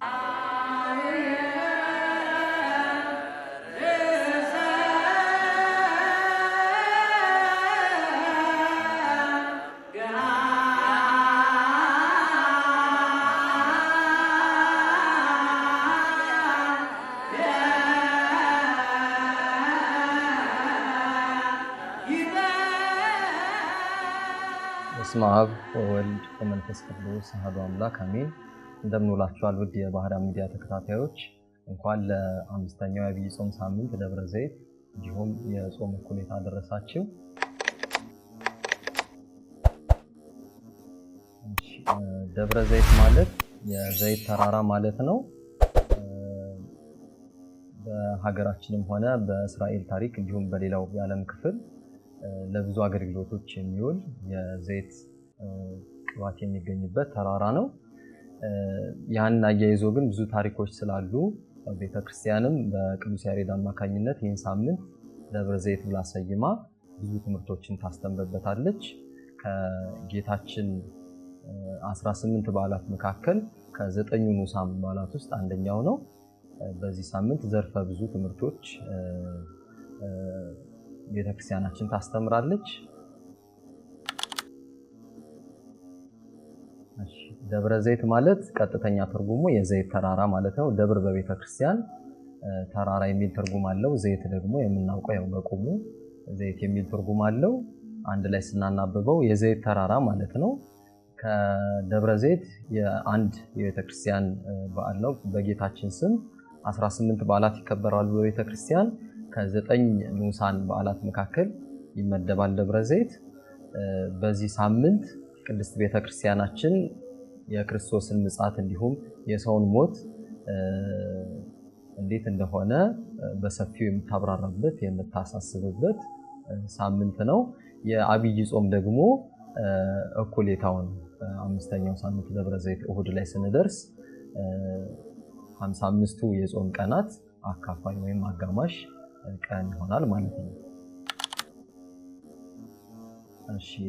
بسم الله والمنفس القدوس هذا أملاك أمين እንደምንውላችኋል ውድ የባህዳር ሚዲያ ተከታታዮች እንኳን ለአምስተኛው የአብይ ጾም ሳምንት ደብረ ዘይት እንዲሁም የጾም እኩሌታ አደረሳችሁ። ደብረ ዘይት ማለት የዘይት ተራራ ማለት ነው። በሀገራችንም ሆነ በእስራኤል ታሪክ እንዲሁም በሌላው የዓለም ክፍል ለብዙ አገልግሎቶች የሚውል የዘይት ቅባት የሚገኝበት ተራራ ነው። ያንን አያይዞ ግን ብዙ ታሪኮች ስላሉ ቤተክርስቲያንም በቅዱስ ያሬድ አማካኝነት ይህን ሳምንት ደብረ ዘይት ብላ ሰይማ ብዙ ትምህርቶችን ታስተምርበታለች። ከጌታችን 18 በዓላት መካከል ከዘጠኙ ሙሳም በዓላት ውስጥ አንደኛው ነው። በዚህ ሳምንት ዘርፈ ብዙ ትምህርቶች ቤተክርስቲያናችን ታስተምራለች። ደብረ ዘይት ማለት ቀጥተኛ ትርጉሙ የዘይት ተራራ ማለት ነው። ደብር በቤተ ክርስቲያን ተራራ የሚል ትርጉም አለው። ዘይት ደግሞ የምናውቀው ያው በቁሙ ዘይት የሚል ትርጉም አለው። አንድ ላይ ስናናብበው የዘይት ተራራ ማለት ነው። ከደብረ ዘይት የአንድ የቤተ ክርስቲያን በዓል ነው። በጌታችን ስም 18 በዓላት ይከበራሉ በቤተ ክርስቲያን። ከዘጠኝ ንዑሳን በዓላት መካከል ይመደባል ደብረ ዘይት በዚህ ሳምንት ቅድስት ቤተ ክርስቲያናችን የክርስቶስን ምጻት እንዲሁም የሰውን ሞት እንዴት እንደሆነ በሰፊው የምታብራራበት የምታሳስብበት ሳምንት ነው። የአብይ ጾም ደግሞ እኩሌታውን አምስተኛው ሳምንት ደብረ ዘይት እሁድ ላይ ስንደርስ 55ቱ የጾም ቀናት አካፋይ ወይም አጋማሽ ቀን ይሆናል ማለት ነው።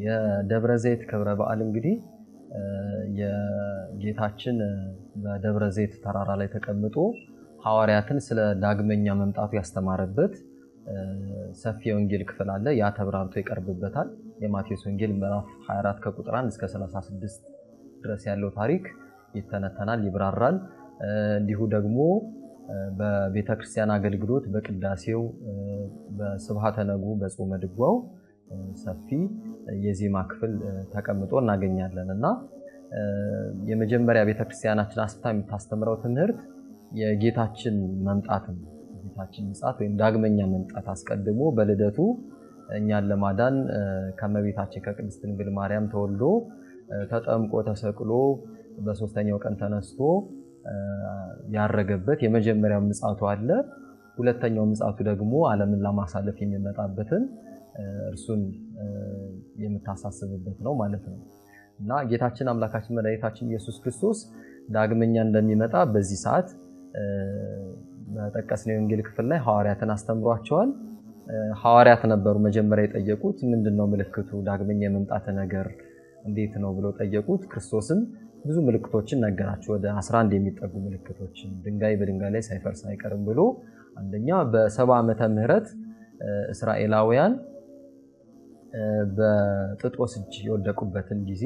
የደብረ ዘይት ክብረ በዓል እንግዲህ የጌታችን በደብረ ዘይት ተራራ ላይ ተቀምጦ ሐዋርያትን ስለ ዳግመኛ መምጣቱ ያስተማረበት ሰፊ የወንጌል ክፍል አለ። ያ ተብራርቶ ይቀርብበታል። የማቴዎስ ወንጌል ምዕራፍ 24 ከቁጥር 1 እስከ 36 ድረስ ያለው ታሪክ ይተነተናል፣ ይብራራል። እንዲሁ ደግሞ በቤተክርስቲያን አገልግሎት በቅዳሴው፣ በስብሐተ በጾመ ድጓው ሰፊ የዜማ ክፍል ተቀምጦ እናገኛለን እና የመጀመሪያ ቤተክርስቲያናችን አስታ የምታስተምረው ትምህርት የጌታችን መምጣትን ጌታችን ምጽአት ወይም ዳግመኛ መምጣት አስቀድሞ በልደቱ እኛን ለማዳን ከመቤታችን ከቅድስት ድንግል ማርያም ተወልዶ ተጠምቆ ተሰቅሎ በሶስተኛው ቀን ተነስቶ ያረገበት የመጀመሪያው ምጻቱ አለ። ሁለተኛው ምጻቱ ደግሞ ዓለምን ለማሳለፍ የሚመጣበትን እርሱን የምታሳስብበት ነው ማለት ነው እና ጌታችን አምላካችን መድኃኒታችን ኢየሱስ ክርስቶስ ዳግመኛ እንደሚመጣ በዚህ ሰዓት በጠቀስነው የወንጌል ክፍል ላይ ሐዋርያትን አስተምሯቸዋል። ሐዋርያት ነበሩ መጀመሪያ የጠየቁት ምንድን ነው ምልክቱ ዳግመኛ የመምጣት ነገር እንዴት ነው ብለው ጠየቁት። ክርስቶስም ብዙ ምልክቶችን ነገራቸው። ወደ 11 የሚጠጉ ምልክቶችን ድንጋይ በድንጋይ ላይ ሳይፈርስ አይቀርም ብሎ አንደኛ በሰባ ዓመተ ምህረት እስራኤላውያን በጥጦስ እጅ የወደቁበትን ጊዜ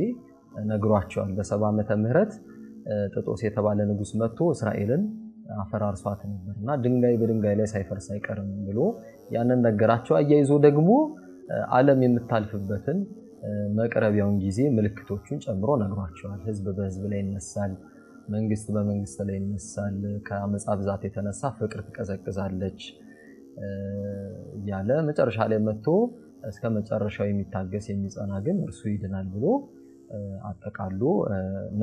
ነግሯቸዋል። በሰባ ዓመተ ምህረት ጥጦስ የተባለ ንጉሥ መጥቶ እስራኤልን አፈራርሷት ነበር እና ድንጋይ በድንጋይ ላይ ሳይፈርስ አይቀርም ብሎ ያንን ነገራቸው። አያይዞ ደግሞ ዓለም የምታልፍበትን መቅረቢያውን ጊዜ ምልክቶቹን ጨምሮ ነግሯቸዋል። ህዝብ በህዝብ ላይ ይነሳል፣ መንግስት በመንግስት ላይ ይነሳል። ከአመፃ ብዛት የተነሳ ፍቅር ትቀዘቅዛለች እያለ መጨረሻ ላይ መጥቶ እስከ መጨረሻው የሚታገስ የሚጸና ግን እርሱ ይድናል ብሎ አጠቃሉ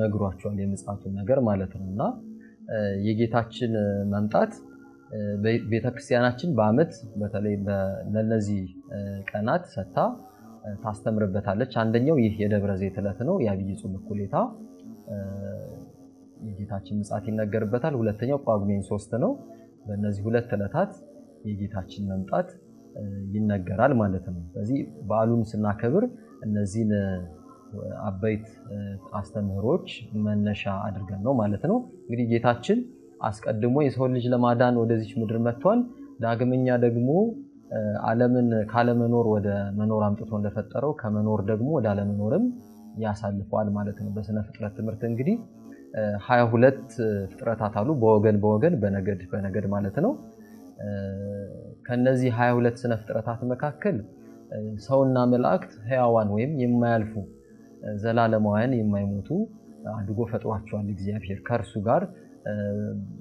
ነግሯቸዋል። የምጽአቱን ነገር ማለት ነው እና የጌታችን መምጣት ቤተክርስቲያናችን በዓመት በተለይ ለነዚህ ቀናት ሰጥታ ታስተምርበታለች። አንደኛው ይህ የደብረ ዘይት ዕለት ነው። የአብይ ጾም እኩሌታ የጌታችን ምጽአት ይነገርበታል። ሁለተኛው ጳጉሜን ሶስት ነው። በእነዚህ ሁለት ዕለታት የጌታችን መምጣት ይነገራል ማለት ነው። ስለዚህ በዓሉን ስናከብር እነዚህን አበይት አስተምህሮች መነሻ አድርገን ነው ማለት ነው። እንግዲህ ጌታችን አስቀድሞ የሰው ልጅ ለማዳን ወደዚች ምድር መጥቷል። ዳግመኛ ደግሞ ዓለምን ካለመኖር ወደ መኖር አምጥቶ እንደፈጠረው ከመኖር ደግሞ ወደ አለመኖርም ያሳልፈዋል ማለት ነው። በስነ ፍጥረት ትምህርት እንግዲህ ሀያ ሁለት ፍጥረታት አሉ። በወገን በወገን በነገድ በነገድ ማለት ነው። ከነዚህ 22 ስነ ፍጥረታት መካከል ሰውና መላእክት ህያዋን ወይም የማያልፉ ዘላለማውያን የማይሞቱ አድጎ ፈጥሯቸዋል። እግዚአብሔር ከእርሱ ጋር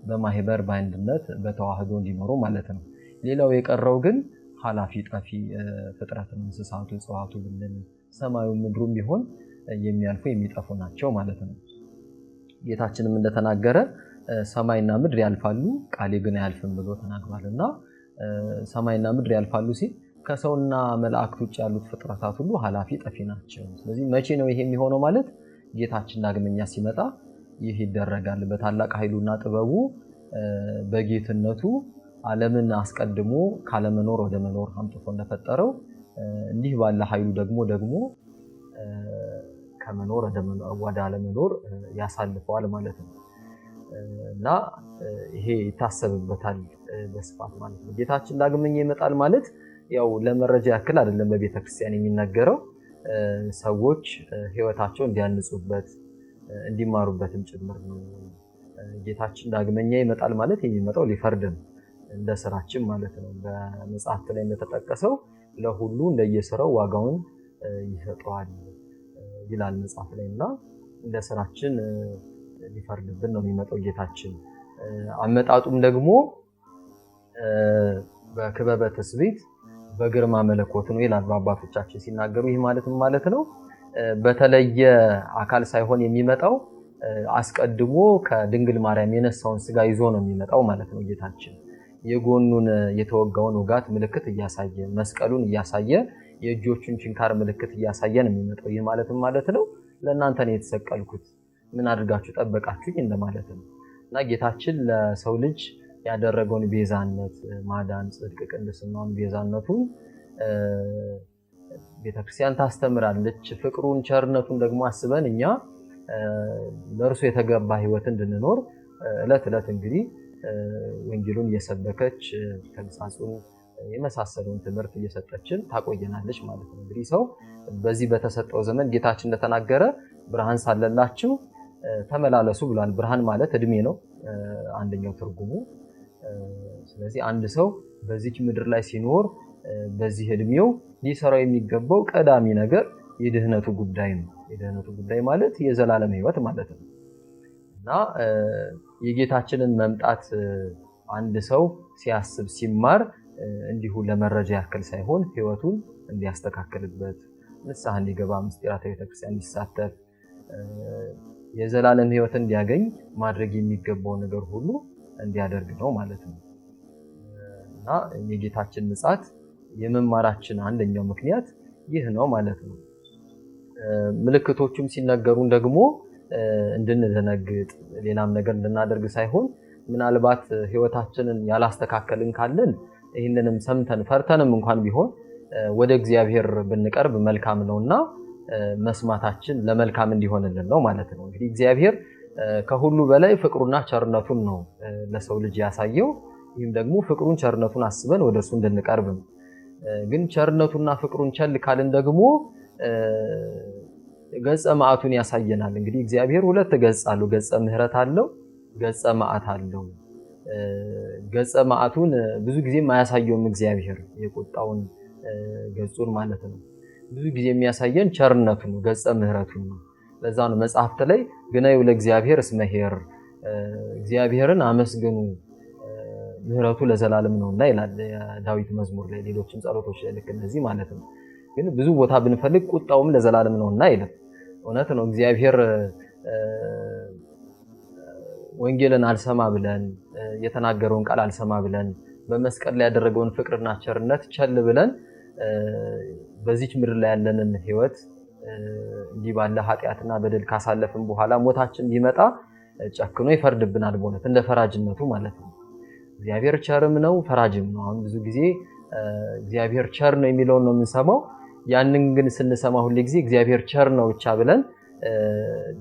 በማህበር በአንድነት በተዋህዶ እንዲኖሩ ማለት ነው። ሌላው የቀረው ግን ኃላፊ ጠፊ ፍጥረት ነው። እንስሳቱ፣ እጽዋቱ ብንል ሰማዩ ምድሩም ቢሆን የሚያልፉ የሚጠፉ ናቸው ማለት ነው። ጌታችንም እንደተናገረ ሰማይና ምድር ያልፋሉ ቃሌ ግን አያልፍም ብሎ ተናግሯል እና ሰማይና ምድር ያልፋሉ ሲል ከሰውና መላእክት ውጭ ያሉት ፍጥረታት ሁሉ ኃላፊ ጠፊ ናቸው። ስለዚህ መቼ ነው ይሄ የሚሆነው ማለት ጌታችን ዳግመኛ ሲመጣ ይህ ይደረጋል። በታላቅ ኃይሉና ጥበቡ በጌትነቱ አለምን አስቀድሞ ካለመኖር ወደ መኖር አምጥቶ እንደፈጠረው እንዲህ ባለ ኃይሉ ደግሞ ደግሞ ከመኖር ወደ አለመኖር ያሳልፈዋል ማለት ነው እና ይሄ ይታሰብበታል። በስፋት ማለት ነው። ጌታችን ዳግመኛ ይመጣል ማለት ያው ለመረጃ ያክል አይደለም በቤተ ክርስቲያን የሚነገረው ሰዎች ሕይወታቸው እንዲያንጹበት እንዲማሩበትም ጭምር ነው። ጌታችን ዳግመኛ ይመጣል ማለት የሚመጣው ሊፈርድ ነው፣ እንደ ስራችን ማለት ነው። በመጽሐፍት ላይ እንደተጠቀሰው ለሁሉ እንደየስራው ዋጋውን ይሰጠዋል ይላል መጽሐፍ ላይ እና እንደ ስራችን ሊፈርድብን ነው የሚመጣው ጌታችን። አመጣጡም ደግሞ በክበበ ትስብእት በግርማ መለኮት ነው ይላል አባቶቻችን ሲናገሩ። ይህ ማለትም ማለት ነው በተለየ አካል ሳይሆን የሚመጣው አስቀድሞ ከድንግል ማርያም የነሳውን ስጋ ይዞ ነው የሚመጣው ማለት ነው። ጌታችን የጎኑን የተወጋውን ውጋት ምልክት እያሳየ መስቀሉን እያሳየ የእጆቹን ችንካር ምልክት እያሳየ ነው የሚመጣው። ይህ ማለትም ማለት ነው ለእናንተ ነው የተሰቀልኩት ምን አድርጋችሁ ጠበቃችሁኝ እንደማለት ነው እና ጌታችን ለሰው ልጅ ያደረገውን ቤዛነት ማዳን፣ ጽድቅ፣ ቅድስናውን ቤዛነቱን ቤተክርስቲያን ታስተምራለች። ፍቅሩን፣ ቸርነቱን ደግሞ አስበን እኛ ለእርሱ የተገባ ህይወት እንድንኖር እለት እለት እንግዲህ ወንጌሉን እየሰበከች ተግሳጹን የመሳሰለውን ትምህርት እየሰጠችን ታቆየናለች ማለት ነው። እንግዲህ ሰው በዚህ በተሰጠው ዘመን ጌታችን እንደተናገረ ብርሃን ሳለላችሁ ተመላለሱ ብሏል። ብርሃን ማለት እድሜ ነው አንደኛው ትርጉሙ። ስለዚህ አንድ ሰው በዚች ምድር ላይ ሲኖር በዚህ እድሜው ሊሰራው የሚገባው ቀዳሚ ነገር የድህነቱ ጉዳይ ነው። የድህነቱ ጉዳይ ማለት የዘላለም ሕይወት ማለት ነው እና የጌታችንን መምጣት አንድ ሰው ሲያስብ ሲማር እንዲሁ ለመረጃ ያክል ሳይሆን ሕይወቱን እንዲያስተካክልበት ንስሐ እንዲገባ፣ ምስጢራተ ቤተክርስቲያን እንዲሳተፍ፣ የዘላለም ሕይወት እንዲያገኝ ማድረግ የሚገባው ነገር ሁሉ እንዲያደርግ ነው ማለት ነው። እና የጌታችን ምጻት የመማራችን አንደኛው ምክንያት ይህ ነው ማለት ነው። ምልክቶቹም ሲነገሩን ደግሞ እንድንደነግጥ ሌላም ነገር እንድናደርግ ሳይሆን ምናልባት ሕይወታችንን ያላስተካከልን ካለን ይህንንም ሰምተን ፈርተንም እንኳን ቢሆን ወደ እግዚአብሔር ብንቀርብ መልካም ነውና መስማታችን ለመልካም እንዲሆንልን ነው ማለት ነው። እንግዲህ እግዚአብሔር ከሁሉ በላይ ፍቅሩና ቸርነቱን ነው ለሰው ልጅ ያሳየው። ይህም ደግሞ ፍቅሩን ቸርነቱን አስበን ወደ እሱ እንድንቀርብ ነው። ግን ቸርነቱና ፍቅሩን ቸል ካልን ደግሞ ገጸ መዓቱን ያሳየናል። እንግዲህ እግዚአብሔር ሁለት ገጽ አለው። ገጸ ምሕረት አለው፣ ገጸ መዓት አለው። ገጸ መዓቱን ብዙ ጊዜም አያሳየውም እግዚአብሔር የቁጣውን ገጹን ማለት ነው። ብዙ ጊዜ የሚያሳየን ቸርነቱን ገጸ ምሕረቱን ነው። ለዛ ነው መጽሐፍት ላይ ግናዩ ለእግዚአብሔር ስመሄር እግዚአብሔርን አመስግኑ ምህረቱ ለዘላለም ነውና ይላል ዳዊት መዝሙር ላይ፣ ሌሎችም ጸሎቶች ላይ ልክ እነዚህ ማለት ነው። ግን ብዙ ቦታ ብንፈልግ ቁጣውም ለዘላለም ነውና ይላል። እውነት ነው። እግዚአብሔር ወንጌልን አልሰማ ብለን የተናገረውን ቃል አልሰማ ብለን በመስቀል ላይ ያደረገውን ፍቅርና ቸርነት ቸል ብለን በዚች ምድር ላይ ያለንን ህይወት እንዲህ ባለ ኃጢአትና በደል ካሳለፍን በኋላ ሞታችን ቢመጣ ጨክኖ ይፈርድብናል። በእውነት እንደ ፈራጅነቱ ማለት ነው። እግዚአብሔር ቸርም ነው ፈራጅም ነው። አሁን ብዙ ጊዜ እግዚአብሔር ቸር ነው የሚለውን ነው የምንሰማው። ያንን ግን ስንሰማ ሁል ጊዜ እግዚአብሔር ቸር ነው ብቻ ብለን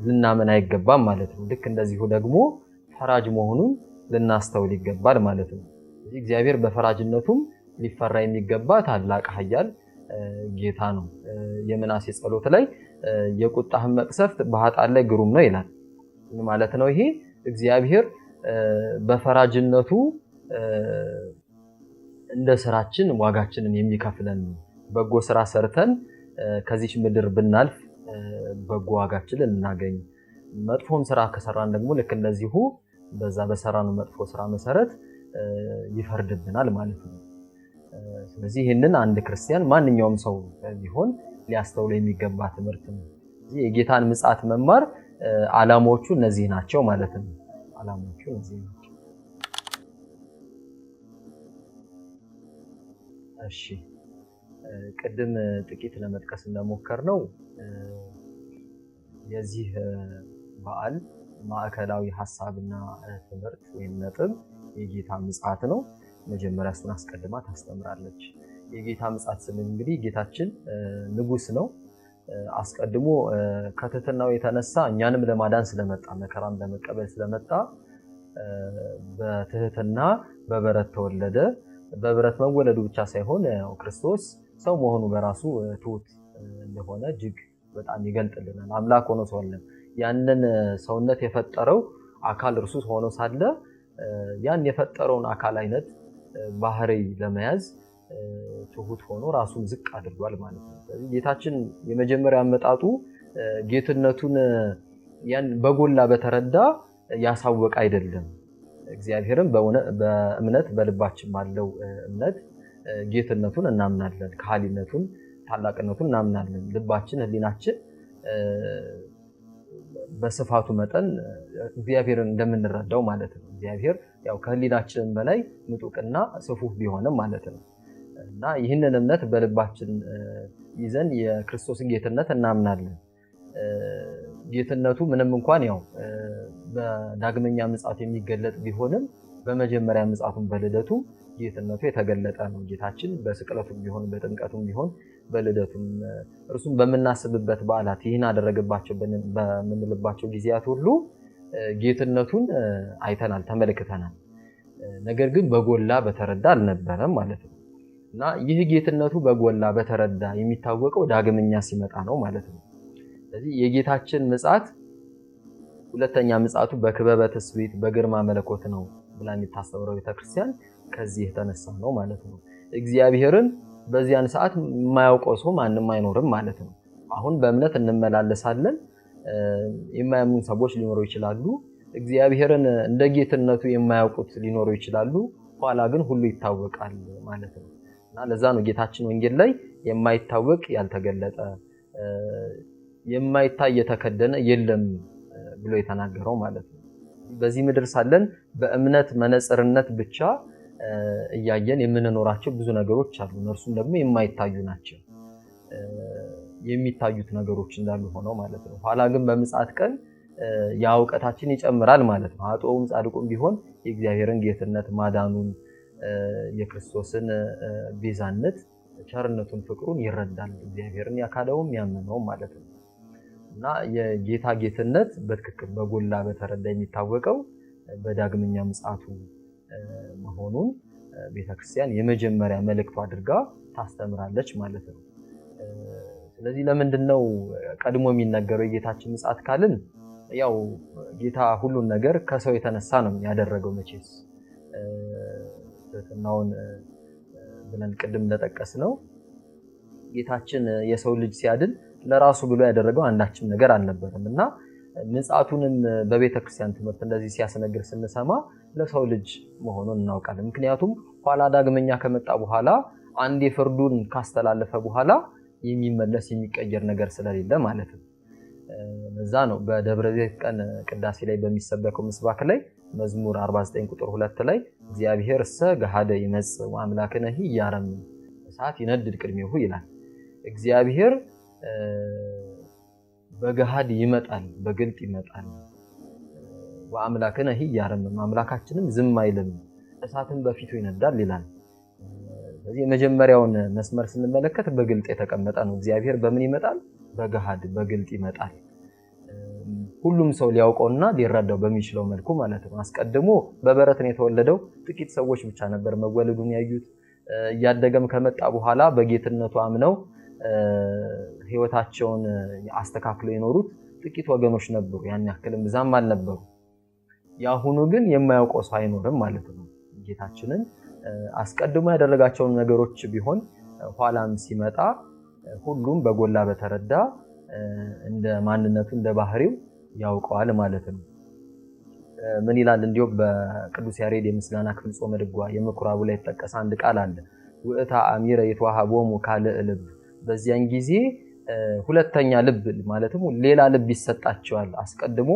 ልናመን አይገባም ማለት ነው። ልክ እንደዚሁ ደግሞ ፈራጅ መሆኑን ልናስተውል ይገባል ማለት ነው። እግዚአብሔር በፈራጅነቱም ሊፈራ የሚገባ ታላቅ ኃያል ጌታ ነው። የምናሴ ጸሎት ላይ የቁጣህን መቅሰፍት በኃጥኣን ላይ ግሩም ነው ይላል ማለት ነው። ይሄ እግዚአብሔር በፈራጅነቱ እንደ ስራችን ዋጋችንን የሚከፍለን በጎ ስራ ሰርተን ከዚች ምድር ብናልፍ በጎ ዋጋችንን እናገኝ፣ መጥፎም ስራ ከሰራን ደግሞ ልክ እንደዚሁ በዛ በሰራነው መጥፎ ስራ መሰረት ይፈርድብናል ማለት ነው። ስለዚህ ይህንን አንድ ክርስቲያን ማንኛውም ሰው ቢሆን ሊያስተውለው የሚገባ ትምህርት ነው። የጌታን ምጽአት መማር አላማዎቹ እነዚህ ናቸው ማለት ነው። አላማዎቹ እነዚህ ናቸው። እሺ ቅድም ጥቂት ለመጥቀስ እንደሞከር ነው የዚህ በዓል ማዕከላዊ ሀሳብና ትምህርት ወይም ነጥብ የጌታ ምጽአት ነው። መጀመሪያ እሱን አስቀድማ ታስተምራለች። የጌታ ምጻት ስንል እንግዲህ ጌታችን ንጉስ ነው። አስቀድሞ ከትህትናው የተነሳ እኛንም ለማዳን ስለመጣ መከራም ለመቀበል ስለመጣ በትህትና በበረት ተወለደ። በብረት መወለዱ ብቻ ሳይሆን ክርስቶስ ሰው መሆኑ በራሱ ትሑት እንደሆነ እጅግ በጣም ይገልጥልናል። አምላክ ሆኖ ሰውለን ያንን ሰውነት የፈጠረው አካል እርሱ ሆኖ ሳለ ያን የፈጠረውን አካል አይነት ባህሪ ለመያዝ ትሁት ሆኖ ራሱን ዝቅ አድርጓል ማለት ነው። ስለዚህ ጌታችን የመጀመሪያ አመጣጡ ጌትነቱን ያን በጎላ በተረዳ ያሳወቀ አይደለም። እግዚአብሔርም በእምነት በልባችን ባለው እምነት ጌትነቱን እናምናለን፣ ካህሊነቱን ታላቅነቱን እናምናለን። ልባችን ህሊናችን በስፋቱ መጠን እግዚአብሔርን እንደምንረዳው ማለት ነው። እግዚአብሔር ያው ከህሊናችንም በላይ ምጡቅና ስፉህ ቢሆንም ማለት ነው እና ይህንን እምነት በልባችን ይዘን የክርስቶስን ጌትነት እናምናለን። ጌትነቱ ምንም እንኳን ያው በዳግመኛ ምጻት የሚገለጥ ቢሆንም በመጀመሪያ ምጻቱን በልደቱ ጌትነቱ የተገለጠ ነው። ጌታችን በስቅለቱም ቢሆን በጥምቀቱም ቢሆን በልደቱም እርሱም በምናስብበት በዓላት ይህን አደረገባቸው በምንልባቸው ጊዜያት ሁሉ ጌትነቱን አይተናል፣ ተመልክተናል። ነገር ግን በጎላ በተረዳ አልነበረም ማለት ነው እና ይህ ጌትነቱ በጎላ በተረዳ የሚታወቀው ዳግመኛ ሲመጣ ነው ማለት ነው። ስለዚህ የጌታችን ምጻት ሁለተኛ ምጻቱ በክበበ ትስብእት በግርማ መለኮት ነው ብላ የምታስተምረው ቤተክርስቲያን ከዚህ የተነሳ ነው ማለት ነው። እግዚአብሔርን በዚያን ሰዓት የማያውቀው ሰው ማንም አይኖርም ማለት ነው። አሁን በእምነት እንመላለሳለን የማያምኑ ሰዎች ሊኖሩ ይችላሉ። እግዚአብሔርን እንደ ጌትነቱ የማያውቁት ሊኖሩ ይችላሉ። ኋላ ግን ሁሉ ይታወቃል ማለት ነው እና ለዛ ነው ጌታችን ወንጌል ላይ የማይታወቅ ያልተገለጠ የማይታይ የተከደነ የለም ብሎ የተናገረው ማለት ነው። በዚህ ምድር ሳለን በእምነት መነጽርነት ብቻ እያየን የምንኖራቸው ብዙ ነገሮች አሉ። እነርሱም ደግሞ የማይታዩ ናቸው። የሚታዩት ነገሮች እንዳሉ ሆነው ማለት ነው። ኋላ ግን በምጽአት ቀን ያ እውቀታችን ይጨምራል ማለት ነው። ኃጥኡም ጻድቁም ቢሆን የእግዚአብሔርን ጌትነት ማዳኑን፣ የክርስቶስን ቤዛነት፣ ቸርነቱን፣ ፍቅሩን ይረዳል። እግዚአብሔርን ያካደውም ያመነውም ማለት ነው እና የጌታ ጌትነት በትክክል በጎላ በተረዳ የሚታወቀው በዳግመኛ ምጽአቱ መሆኑን ቤተክርስቲያን የመጀመሪያ መልእክቱ አድርጋ ታስተምራለች ማለት ነው። ስለዚህ ለምንድን ነው ቀድሞ የሚነገረው የጌታችን ምጽአት ካልን ያው ጌታ ሁሉን ነገር ከሰው የተነሳ ነው ያደረገው። መቼስ ትህትናውን ብለን ቅድም እንደጠቀስ ነው ጌታችን የሰው ልጅ ሲያድን ለራሱ ብሎ ያደረገው አንዳችም ነገር አልነበረም እና ምጽአቱንም በቤተክርስቲያን ትምህርት እንደዚህ ሲያስነግር ስንሰማ ለሰው ልጅ መሆኑን እናውቃለን። ምክንያቱም ኋላ ዳግመኛ ከመጣ በኋላ አንድ የፍርዱን ካስተላለፈ በኋላ የሚመለስ የሚቀየር ነገር ስለሌለ ማለት ነው። እዛ ነው በደብረ ዘይት ቀን ቅዳሴ ላይ በሚሰበከው ምስባክ ላይ መዝሙር 49 ቁጥር 2 ላይ እግዚአብሔር እሰ ገሃደ ይመጽእ ወአምላክነሂ ኢያረምም እሳት ይነድድ ቅድሜሁ ይላል። እግዚአብሔር በገሃድ ይመጣል፣ በግልጥ ይመጣል። ወአምላክነሂ ኢያረምም አምላካችንም ዝም አይልም፣ እሳትን በፊቱ ይነዳል ይላል። ስለዚህ የመጀመሪያውን መስመር ስንመለከት በግልጥ የተቀመጠ ነው። እግዚአብሔር በምን ይመጣል? በገሃድ በግልጥ ይመጣል። ሁሉም ሰው ሊያውቀውና ሊረዳው በሚችለው መልኩ ማለት ነው። አስቀድሞ በበረት ነው የተወለደው። ጥቂት ሰዎች ብቻ ነበር መወለዱን ያዩት። እያደገም ከመጣ በኋላ በጌትነቱ አምነው ሕይወታቸውን አስተካክለው የኖሩት ጥቂት ወገኖች ነበሩ። ያን ያክልም ብዛም አልነበሩ። የአሁኑ ግን የማያውቀው ሰው አይኖርም ማለት ነው ጌታችንን አስቀድሞ ያደረጋቸውን ነገሮች ቢሆን ኋላም ሲመጣ ሁሉም በጎላ በተረዳ እንደ ማንነቱ እንደ ባህሪው ያውቀዋል ማለት ነው። ምን ይላል? እንዲሁም በቅዱስ ያሬድ የምስጋና ክፍል ጾመ ድጓ የምኩራቡ ላይ የተጠቀሰ አንድ ቃል አለ። ውእታ አሚረ የተዋሃቦሙ ካልእ ልብ፣ በዚያን ጊዜ ሁለተኛ ልብ ማለትም ሌላ ልብ ይሰጣቸዋል። አስቀድሞ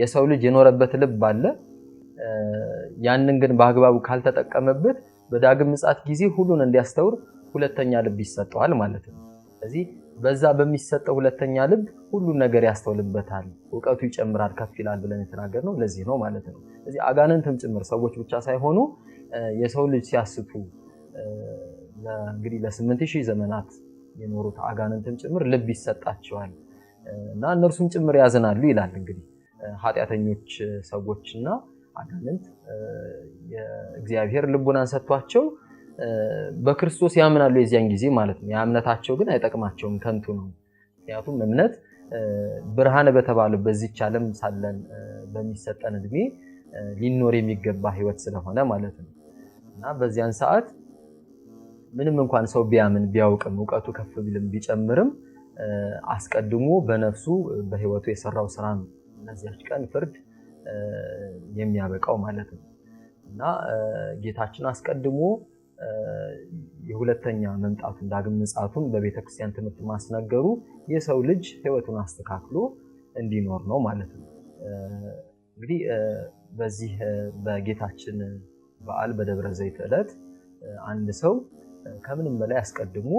የሰው ልጅ የኖረበት ልብ አለ ያንን ግን በአግባቡ ካልተጠቀመበት በዳግም ምጽአት ጊዜ ሁሉን እንዲያስተውር ሁለተኛ ልብ ይሰጠዋል ማለት ነው። ስለዚህ በዛ በሚሰጠው ሁለተኛ ልብ ሁሉን ነገር ያስተውልበታል፣ እውቀቱ ይጨምራል፣ ከፍ ይላል ብለን ነው ለዚህ ነው ማለት ነው። ስለዚህ አጋንንትም ጭምር ሰዎች ብቻ ሳይሆኑ የሰው ልጅ ሲያስቱ እንግዲህ ለስምንት ሺህ ዘመናት የኖሩት አጋንንትም ጭምር ልብ ይሰጣቸዋል እና እነርሱም ጭምር ያዝናሉ ይላል እንግዲህ ኃጢአተኞች ሰዎችና አጋንንት የእግዚአብሔር ልቡናን ሰጥቷቸው በክርስቶስ ያምናሉ የዚያን ጊዜ ማለት ነው። የእምነታቸው ግን አይጠቅማቸውም፣ ከንቱ ነው። ምክንያቱም እምነት ብርሃን በተባለ በዚች ዓለም ሳለን በሚሰጠን እድሜ ሊኖር የሚገባ ህይወት ስለሆነ ማለት ነው እና በዚያን ሰዓት ምንም እንኳን ሰው ቢያምን ቢያውቅም እውቀቱ ከፍ ቢልም ቢጨምርም አስቀድሞ በነፍሱ በህይወቱ የሰራው ስራ ነው። እነዚያች ቀን ፍርድ የሚያበቃው ማለት ነው እና ጌታችን አስቀድሞ የሁለተኛ መምጣቱን ዳግም ምጽአቱን በቤተክርስቲያን ትምህርት ማስነገሩ የሰው ልጅ ሕይወቱን አስተካክሎ እንዲኖር ነው ማለት ነው። እንግዲህ በዚህ በጌታችን በዓል በደብረ ዘይት ዕለት አንድ ሰው ከምንም በላይ አስቀድሞ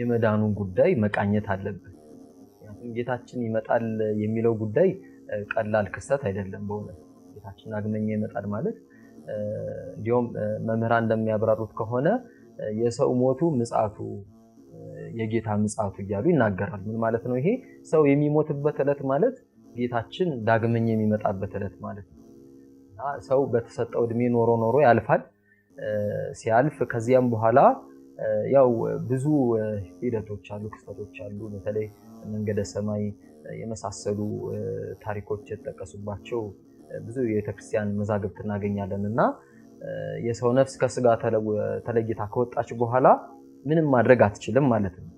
የመዳኑን ጉዳይ መቃኘት አለበት። ምክንያቱም ጌታችን ይመጣል የሚለው ጉዳይ ቀላል ክስተት አይደለም። በእውነት ጌታችን ዳግመኛ ይመጣል ማለት እንዲሁም መምህራን እንደሚያብራሩት ከሆነ የሰው ሞቱ ምጻቱ የጌታ ምጻቱ እያሉ ይናገራል። ምን ማለት ነው ይሄ? ሰው የሚሞትበት ዕለት ማለት ጌታችን ዳግመኛ የሚመጣበት ዕለት ማለት ነው። ሰው በተሰጠው እድሜ ኖሮ ኖሮ ያልፋል። ሲያልፍ ከዚያም በኋላ ያው ብዙ ሂደቶች አሉ፣ ክስተቶች አሉ። በተለይ መንገደ ሰማይ የመሳሰሉ ታሪኮች የተጠቀሱባቸው ብዙ የቤተክርስቲያን መዛግብት እናገኛለን እና የሰው ነፍስ ከስጋ ተለይታ ከወጣች በኋላ ምንም ማድረግ አትችልም ማለት ነው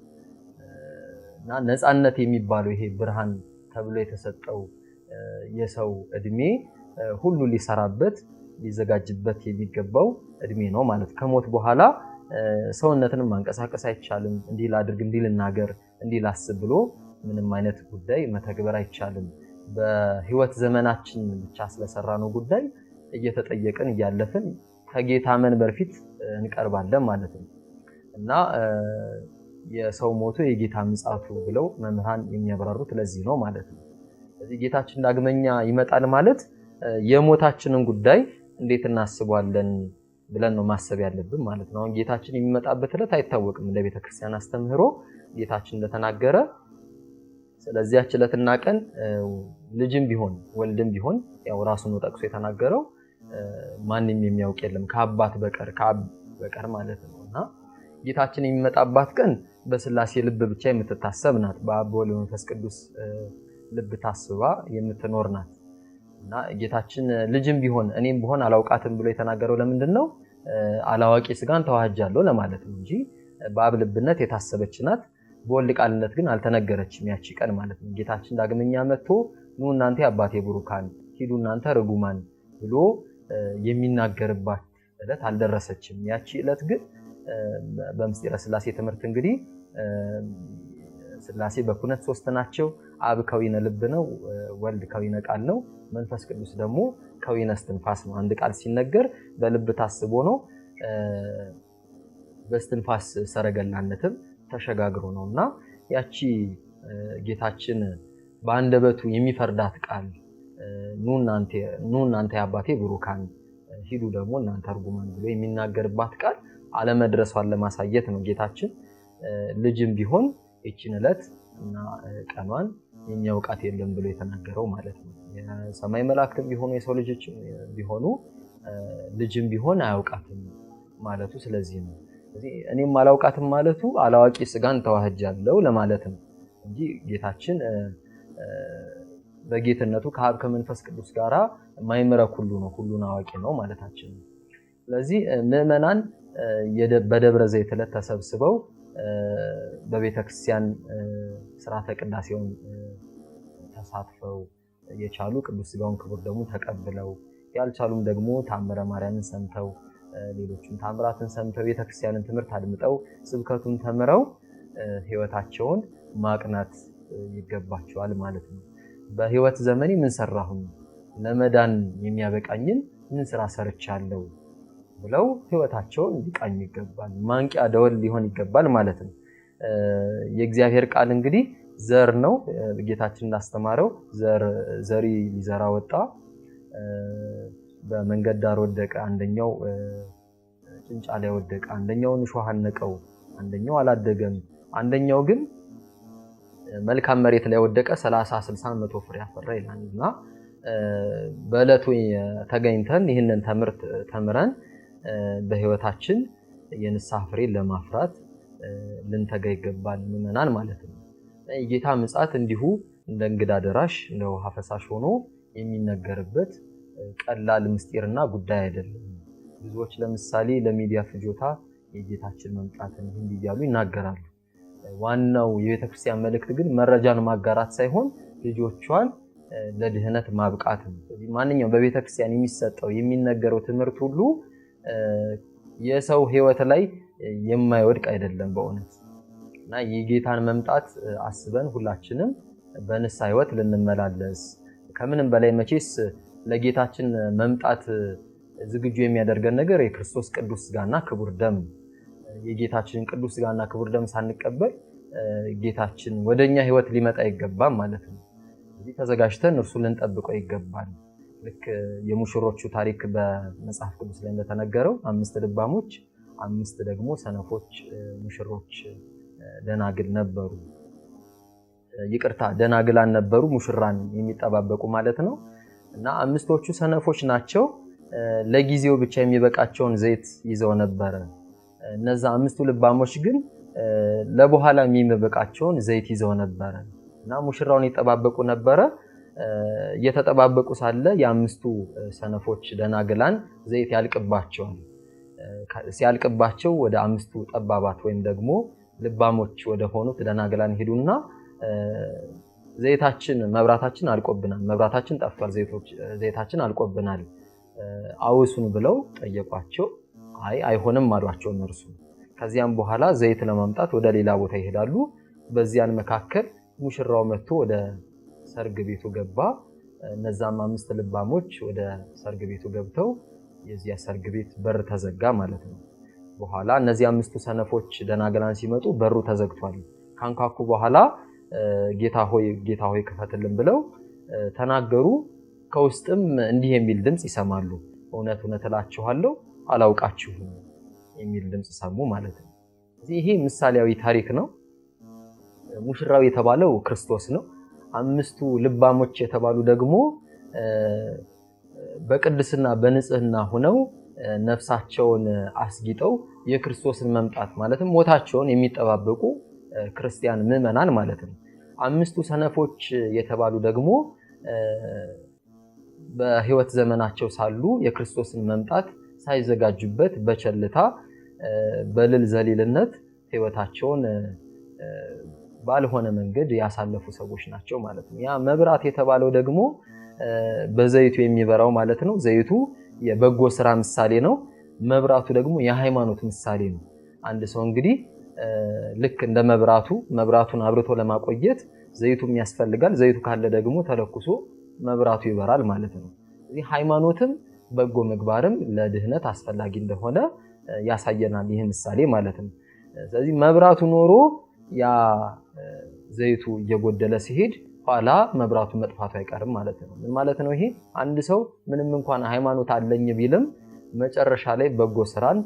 እና ነፃነት የሚባለው ይሄ ብርሃን ተብሎ የተሰጠው የሰው እድሜ ሁሉ ሊሰራበት ሊዘጋጅበት የሚገባው እድሜ ነው ማለት ከሞት በኋላ ሰውነትንም ማንቀሳቀስ አይቻልም። እንዲህ ላድርግ፣ እንዲህ ልናገር፣ እንዲህ ላስብ ብሎ ምንም አይነት ጉዳይ መተግበር አይቻልም። በህይወት ዘመናችን ብቻ ስለሰራ ነው ጉዳይ እየተጠየቅን እያለፍን ከጌታ መንበር ፊት እንቀርባለን ማለት ነው እና የሰው ሞቱ የጌታ ምጻቱ ብለው መምህራን የሚያብራሩት ለዚህ ነው ማለት ነው። ስለዚህ ጌታችን ዳግመኛ ይመጣል ማለት የሞታችንን ጉዳይ እንዴት እናስቧለን? ብለን ነው ማሰብ ያለብን ማለት ነው። አሁን ጌታችን የሚመጣበት ዕለት አይታወቅም እንደ ቤተክርስቲያን አስተምህሮ ጌታችን እንደተናገረ ስለዚያች ዕለትና ቀን ልጅም ቢሆን ወልድም ቢሆን ያው ራሱ ነው ጠቅሶ የተናገረው ማንም የሚያውቅ የለም ከአባት በቀር ከአብ በቀር ማለት ነው። እና ጌታችን የሚመጣባት ቀን በስላሴ ልብ ብቻ የምትታሰብ ናት። በአብ ወልድ መንፈስ ቅዱስ ልብ ታስባ የምትኖር ናት። እና ጌታችን ልጅም ቢሆን እኔም ቢሆን አላውቃትም ብሎ የተናገረው ለምንድን ነው? አላዋቂ ስጋን ተዋህጃለሁ ለማለት ነው እንጂ በአብ ልብነት የታሰበች ናት። በወልድ ቃልነት ግን አልተነገረችም ያቺ ቀን ማለት ነው። ጌታችን ዳግመኛ መጥቶ ኑ እናንተ የአባቴ ቡሩካን ሂዱ እናንተ ርጉማን ብሎ የሚናገርባት እለት አልደረሰችም። ያቺ እለት ግን በምስጢረ ስላሴ ትምህርት እንግዲህ ስላሴ በኩነት ሶስት ናቸው። አብ ከዊነ ልብ ነው፣ ወልድ ከዊነ ቃል ነው፣ መንፈስ ቅዱስ ደግሞ ከዊነ እስትንፋስ ነው። አንድ ቃል ሲነገር በልብ ታስቦ ነው፣ በእስትንፋስ ሰረገላነትም ተሸጋግሮ ነው እና ያቺ ጌታችን በአንደበቱ የሚፈርዳት ቃል ኑ እናንተ የአባቴ ብሩካን ሂዱ ደግሞ እናንተ እርጉማን ብሎ የሚናገርባት ቃል አለመድረሷን ለማሳየት ነው ጌታችን ልጅም ቢሆን ይችን ዕለት እና ቀኗን የሚያውቃት የለም ብሎ የተናገረው ማለት ነው። የሰማይ መላእክትም ቢሆኑ የሰው ልጆች ቢሆኑ ልጅም ቢሆን አያውቃትም ማለቱ ስለዚህ ነው። ስለዚህ እኔም አላውቃትም ማለቱ አላዋቂ ስጋን ተዋህጃለሁ ለማለት ነው እንጂ ጌታችን በጌትነቱ ከአብ ከመንፈስ ቅዱስ ጋር ማይምረክ ሁሉ ነው፣ ሁሉን አዋቂ ነው ማለታችን ነው። ስለዚህ ምዕመናን በደብረ ዘይት ዕለት ተሰብስበው በቤተክርስቲያን ስርዓተ ቅዳሴውን ተሳትፈው የቻሉ ቅዱስ ስጋውን ክቡር ደግሞ ተቀብለው ያልቻሉም ደግሞ ታምረ ማርያምን ሰምተው ሌሎችም ታምራትን ሰምተው ቤተክርስቲያንን ትምህርት አድምጠው ስብከቱን ተምረው ህይወታቸውን ማቅናት ይገባቸዋል ማለት ነው። በህይወት ዘመኔ ምን ሰራሁኝ? ለመዳን የሚያበቃኝን ምን ስራ ሰርቻለሁ? ብለው ህይወታቸውን ሊቃኙ ይገባል። ማንቂያ ደወል ሊሆን ይገባል ማለት ነው። የእግዚአብሔር ቃል እንግዲህ ዘር ነው። ጌታችን እንዳስተማረው ዘሪ ሊዘራ ወጣ፣ በመንገድ ዳር ወደቀ፣ አንደኛው ጭንጫ ላይ ወደቀ፣ አንደኛውን እሾህ አነቀው፣ አንደኛው አላደገም፣ አንደኛው ግን መልካም መሬት ላይ ወደቀ፣ 30፣ 60፣ መቶ ፍሬ አፈራ ይላል እና በእለቱ ተገኝተን ይህንን ትምህርት ተምረን በህይወታችን የንስሐ ፍሬ ለማፍራት ልንተጋ ይገባል ምዕመናን ማለት ነው። ጌታ ምጽአት እንዲሁ እንደ እንግዳ ደራሽ እንደ ውሃ ፈሳሽ ሆኖ የሚነገርበት ቀላል ምስጢርና ጉዳይ አይደለም። ብዙዎች ለምሳሌ ለሚዲያ ፍጆታ የጌታችን መምጣትን እንዲ እያሉ ይናገራሉ። ዋናው የቤተክርስቲያን መልእክት ግን መረጃን ማጋራት ሳይሆን ልጆቿን ለድህነት ማብቃት ነው። ማንኛውም በቤተክርስቲያን የሚሰጠው የሚነገረው ትምህርት ሁሉ የሰው ህይወት ላይ የማይወድቅ አይደለም በእውነት እና የጌታን መምጣት አስበን ሁላችንም በንሳ ህይወት ልንመላለስ ከምንም በላይ መቼስ ለጌታችን መምጣት ዝግጁ የሚያደርገን ነገር የክርስቶስ ቅዱስ ስጋና ክቡር ደም የጌታችን ቅዱስ ስጋና ክቡር ደም ሳንቀበል ጌታችን ወደኛ ህይወት ሊመጣ ይገባም ማለት ነው። እዚህ ተዘጋጅተን እርሱ ልንጠብቀው ይገባል። ልክ የሙሽሮቹ ታሪክ በመጽሐፍ ቅዱስ ላይ እንደተነገረው አምስት ልባሞች፣ አምስት ደግሞ ሰነፎች ሙሽሮች ደናግል ነበሩ። ይቅርታ ደናግላን ነበሩ፣ ሙሽራን የሚጠባበቁ ማለት ነው። እና አምስቶቹ ሰነፎች ናቸው። ለጊዜው ብቻ የሚበቃቸውን ዘይት ይዘው ነበረ። እነዛ አምስቱ ልባሞች ግን ለበኋላ የሚበቃቸውን ዘይት ይዘው ነበረ እና ሙሽራውን ይጠባበቁ ነበረ። እየተጠባበቁ ሳለ የአምስቱ ሰነፎች ደናግላን ዘይት ያልቅባቸዋል። ሲያልቅባቸው ወደ አምስቱ ጠባባት ወይም ደግሞ ልባሞች ወደ ሆኑት ደናግላን ሄዱና ዘይታችን መብራታችን አልቆብናል፣ መብራታችን ጠፍቷል፣ ዘይታችን አልቆብናል፣ አውሱን ብለው ጠየቋቸው። አይ አይሆንም አሏቸው እነርሱ። ከዚያም በኋላ ዘይት ለማምጣት ወደ ሌላ ቦታ ይሄዳሉ። በዚያን መካከል ሙሽራው መጥቶ ወደ ሰርግ ቤቱ ገባ። እነዛም አምስት ልባሞች ወደ ሰርግ ቤቱ ገብተው የዚያ ሰርግ ቤት በር ተዘጋ ማለት ነው። በኋላ እነዚህ አምስቱ ሰነፎች ደናግላን ሲመጡ በሩ ተዘግቷል። ካንኳኩ በኋላ ጌታ ሆይ ጌታ ሆይ ክፈትልን ብለው ተናገሩ። ከውስጥም እንዲህ የሚል ድምፅ ይሰማሉ፣ እውነት እውነት እላችኋለሁ አላውቃችሁም የሚል ድምፅ ሰሙ ማለት ነው። ይሄ ምሳሌያዊ ታሪክ ነው። ሙሽራው የተባለው ክርስቶስ ነው። አምስቱ ልባሞች የተባሉ ደግሞ በቅድስና በንጽህና ሁነው ነፍሳቸውን አስጊጠው የክርስቶስን መምጣት ማለትም ሞታቸውን የሚጠባበቁ ክርስቲያን ምዕመናን ማለት ነው። አምስቱ ሰነፎች የተባሉ ደግሞ በሕይወት ዘመናቸው ሳሉ የክርስቶስን መምጣት ሳይዘጋጁበት በቸልታ በልል ዘሊልነት ሕይወታቸውን ባልሆነ መንገድ ያሳለፉ ሰዎች ናቸው ማለት ነው። ያ መብራት የተባለው ደግሞ በዘይቱ የሚበራው ማለት ነው። ዘይቱ የበጎ ስራ ምሳሌ ነው። መብራቱ ደግሞ የሃይማኖት ምሳሌ ነው። አንድ ሰው እንግዲህ ልክ እንደ መብራቱ መብራቱን አብርቶ ለማቆየት ዘይቱም ያስፈልጋል። ዘይቱ ካለ ደግሞ ተለኩሶ መብራቱ ይበራል ማለት ነው። እዚህ ሃይማኖትም በጎ ምግባርም ለድህነት አስፈላጊ እንደሆነ ያሳየናል ይህ ምሳሌ ማለት ነው። ስለዚህ መብራቱ ኖሮ ያ ዘይቱ እየጎደለ ሲሄድ ኋላ መብራቱ መጥፋቱ አይቀርም ማለት ነው። ምን ማለት ነው? ይሄ አንድ ሰው ምንም እንኳን ሃይማኖት አለኝ ቢልም መጨረሻ ላይ በጎ ስራን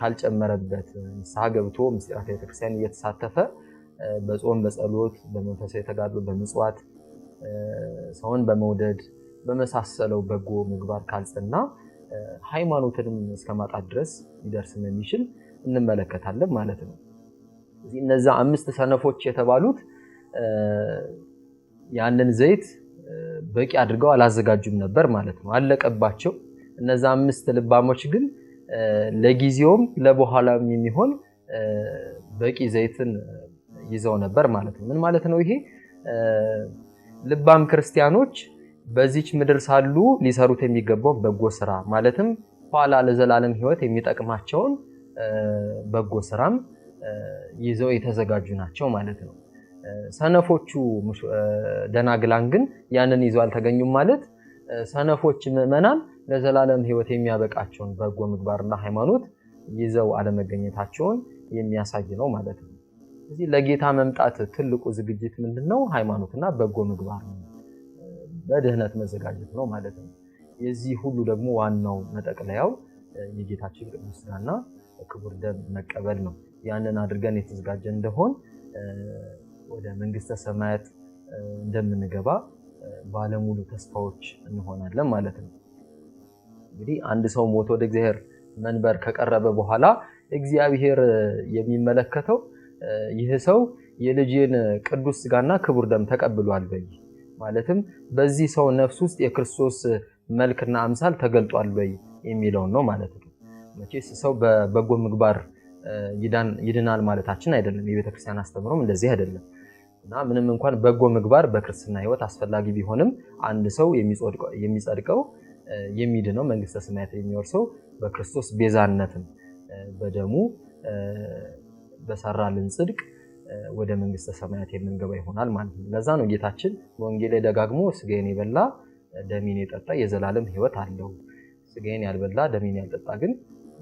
ካልጨመረበት ንስሐ ገብቶ ምስጢራት ቤተክርስቲያን እየተሳተፈ በጾም በጸሎት በመንፈሳዊ ተጋድሎ በምጽዋት ሰውን በመውደድ በመሳሰለው በጎ ምግባር ካልጽና ሃይማኖትንም እስከማጣት ድረስ ሊደርስም የሚችል እንመለከታለን ማለት ነው። እነዛ አምስት ሰነፎች የተባሉት ያንን ዘይት በቂ አድርገው አላዘጋጁም ነበር ማለት ነው። አለቀባቸው። እነዛ አምስት ልባሞች ግን ለጊዜውም ለበኋላም የሚሆን በቂ ዘይትን ይዘው ነበር ማለት ነው። ምን ማለት ነው ይሄ? ልባም ክርስቲያኖች በዚች ምድር ሳሉ ሊሰሩት የሚገባው በጎ ስራ ማለትም ኋላ ለዘላለም ሕይወት የሚጠቅማቸውን በጎ ስራም ይዘው የተዘጋጁ ናቸው ማለት ነው። ሰነፎቹ ደናግላን ግን ያንን ይዘው አልተገኙም ማለት ሰነፎች ምዕመናን ለዘላለም ሕይወት የሚያበቃቸውን በጎ ምግባርና ሃይማኖት ይዘው አለመገኘታቸውን የሚያሳይ ነው ማለት ነው። እዚህ ለጌታ መምጣት ትልቁ ዝግጅት ምንድን ነው? ሃይማኖትና በጎ ምግባር ነው። በድህነት መዘጋጀት ነው ማለት ነው። የዚህ ሁሉ ደግሞ ዋናው መጠቅለያው የጌታችን ቅዱስ ክቡር ደም መቀበል ነው። ያንን አድርገን የተዘጋጀ እንደሆን ወደ መንግስተ ሰማያት እንደምንገባ ባለሙሉ ተስፋዎች እንሆናለን ማለት ነው። እንግዲህ አንድ ሰው ሞቶ ወደ እግዚአብሔር መንበር ከቀረበ በኋላ እግዚአብሔር የሚመለከተው ይህ ሰው የልጅን ቅዱስ ስጋና ክቡር ደም ተቀብሏል በይ ማለትም በዚህ ሰው ነፍስ ውስጥ የክርስቶስ መልክና አምሳል ተገልጧል በይ የሚለውን ነው ማለት ነው። መቼስ ሰው በበጎ ምግባር ይድናል ማለታችን አይደለም። የቤተክርስቲያን አስተምሮም እንደዚህ አይደለም እና ምንም እንኳን በጎ ምግባር በክርስትና ሕይወት አስፈላጊ ቢሆንም አንድ ሰው የሚጸድቀው የሚድነው መንግስተ ሰማያት የሚወርሰው በክርስቶስ ቤዛነትም በደሙ በሰራልን ጽድቅ ወደ መንግስተ ሰማያት የምንገባ ይሆናል ማለት ነው። ለዛ ነው ጌታችን በወንጌል ላይ ደጋግሞ ስጋዬን የበላ ደሜን የጠጣ የዘላለም ሕይወት አለው፣ ስጋዬን ያልበላ ደሜን ያልጠጣ ግን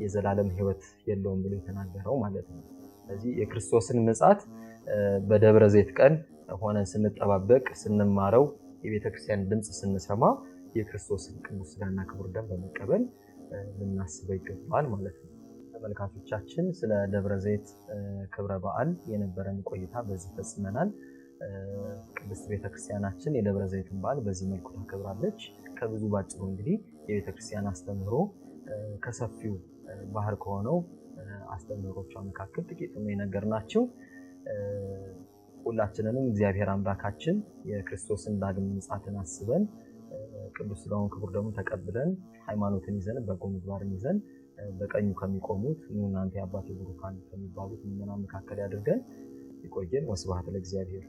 የዘላለም ህይወት የለውም ብሎ የተናገረው ማለት ነው። ስለዚህ የክርስቶስን ምጻት በደብረ ዘይት ቀን ሆነን ስንጠባበቅ፣ ስንማረው፣ የቤተክርስቲያን ድምፅ ስንሰማ የክርስቶስን ቅዱስ ስጋና ክቡር ደም በመቀበል ልናስበው ይገባል ማለት ነው። ተመልካቾቻችን ስለ ደብረ ዘይት ክብረ በዓል የነበረን ቆይታ በዚህ ፈጽመናል። ቅድስት ቤተክርስቲያናችን የደብረ ዘይትን በዓል በዚህ መልኩ ታከብራለች። ከብዙ ባጭሩ እንግዲህ የቤተክርስቲያን አስተምህሮ ከሰፊው ባህር ከሆነው አስተምህሮቿ መካከል ጥቂት ነው የነገር ናቸው። ሁላችንንም እግዚአብሔር አምላካችን የክርስቶስን ዳግም ምጽአትን አስበን ቅዱስ ስጋውን ክቡር ደግሞ ተቀብለን ሃይማኖትን ይዘን በጎ ምግባርን ይዘን በቀኙ ከሚቆሙት እናንተ የአባቴ ቡሩካን ከሚባሉት ምዕመናን መካከል ያድርገን። ይቆየን። ወስብሐት ለእግዚአብሔር።